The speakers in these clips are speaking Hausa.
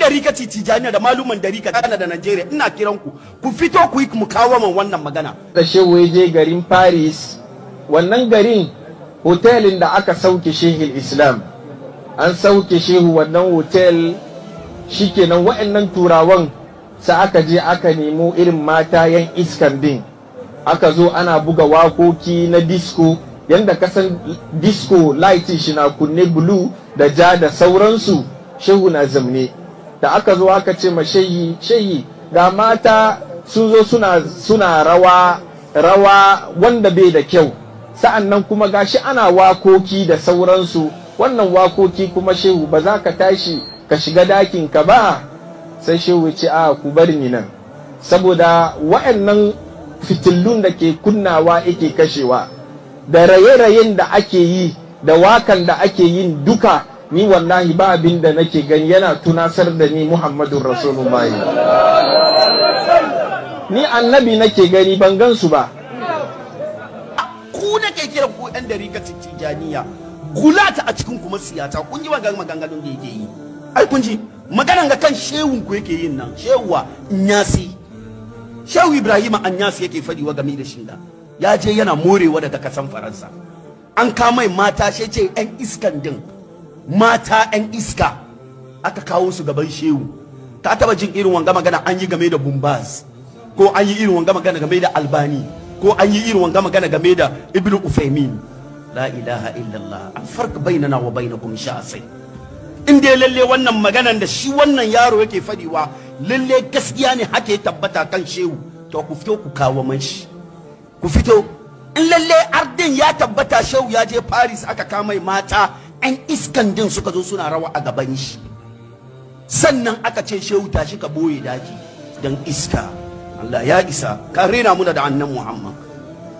'yan ci tijaniya da maluman ka kana da Najeriya ina kiran ku ku fito ku yi mu mukawaman wannan magana. Da shehu ya je garin Paris wannan garin hotelin da aka sauke shehu Islam an sauke shehu wannan hotel shikenan wa'annan turawan sa aka je aka nemo irin mata yan iskan din aka zo ana buga wakoki na disco yanda kasan disco light shi na kunne blue da ja da sauransu shehu na zamne da aka zo aka ce ma shayi shayi ga mata sun zo suna suna rawa rawa wanda bai da kyau sa'an nan kuma gashi ana wakoki da sauransu wannan wakoki kuma shehu ba za ka tashi ka shiga dakin ka ba sai shehu ce a ku bar ni nan saboda wa'annan fitillun da ke kunnawa yake kashewa da raye-rayen da ake yi da wakan da ake yin duka ni wallahi ba abin da nake gani yana tunasar da ni muhammadun bayi ni annabi nake gani ban gansu ba ku nake kiran ku yan dariƙa tijjaniya ta a cikin kuma siyata kun yi maganganun da yake yi ai kun ji ga kan shehun ku yake yin nan shehuwa nyasi shehu ibrahim Nyasi yake fadi wa game da shinda ya je yana morewa daga kasan faransa an kama mata shi ce yan iskan din mata 'yan iska aka kawo su gaban shehu ka taba jin irin wanga magana an yi game da bumbaz ko an yi irin wanga magana game da albani ko an yi irin wanga magana game da ibnu ufaimin la ilaha illallah an farka bainana wa bainakum sha'asai in dai lalle wannan maganan da shi wannan yaro yake fadiwa lalle gaskiya ne hake tabbata kan shehu to ku fito ku kawo man shi ku fito in lalle ardin ya tabbata shehu ya je paris aka kama mata 'yan iskan din suka zo suna rawa a gaban shi sannan aka ce shehu tashi ka boye daji don iska Allah ya isa ka rena muna da annan Muhammad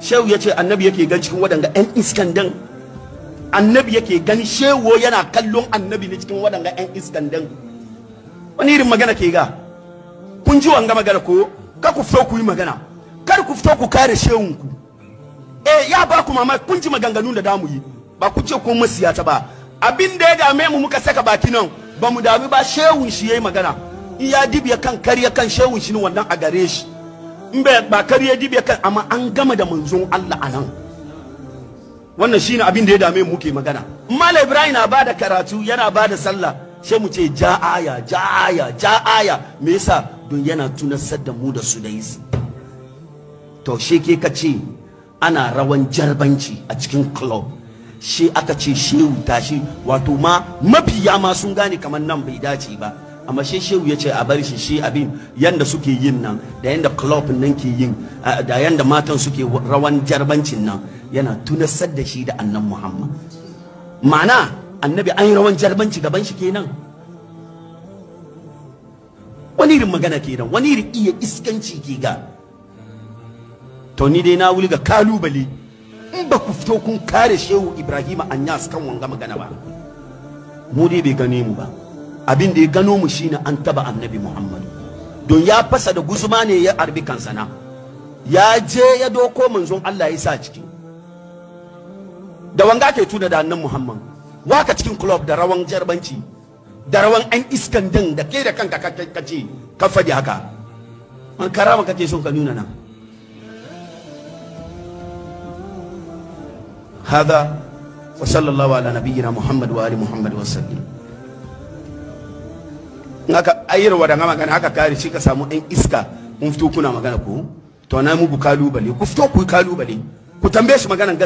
shehu ya ce annabi yake gan cikin waɗanga 'yan iskan din annabi yake gan shewo yana kallon annabi ne cikin waɗanga 'yan iskan din wani irin magana ke ga kun ji wanga magana ko ka ku fito ku yi magana kar ku fito ku kare shehunku eh ya ba ku mamaki kun ji maganganun da damu yi ba ku ce ko ta ba abin da ya dame mu muka saka baki nan ba mu dami ba shehun shi yayi magana in ya dibiya kan karya kan shehun shi wannan a gare shi in ba karya dibiya kan amma an gama da manzon Allah a nan wannan shine abin da ya dame mu ke magana mala ibrahim na bada karatu yana bada sallah sai mu ce ja aya ja aya ja aya me yasa don yana tunasar da mu da su da yisi to shi ke ka ce ana rawan jarbanci a cikin club shi aka ce shehu tashi wato ma mabiya ma sun gane kamar nan bai dace ba amma shi shehu ya ce a bar shi shi abin yanda suke yin nan da yanda club nan ke yin da yanda matan suke rawan jarbancin nan yana tunasar da shi da annan muhammad ma'ana annabi an yi rawan jarbanci gaban shi kenan wani irin magana kenan wani irin iya iskanci ke ga to ni dai na wuli ga kalubale in ba ku fito kun kare shehu ibrahim anyas kan wanga magana ba mu dai bai gane mu ba abin da ya gano mu shine an taba annabi muhammadu don ya fasa da guzuma ne ya arbi kansana ya je ya doko manzon allah ya sa ciki da wanga ke tuna da annan muhammad waka cikin club da rawan jarbanci da rawan an iskan din da ke da kanka kace ka faɗi haka an karama kake son ka nuna nan هذا وصلى الله على نبينا محمد وآل محمد وسلم naka ayyar wa daga magana aka kare shi ka samu ɗan iska mun fito kuna magana ku to na mu kalubale ku fito ku kalubale ku tambaye shi maganan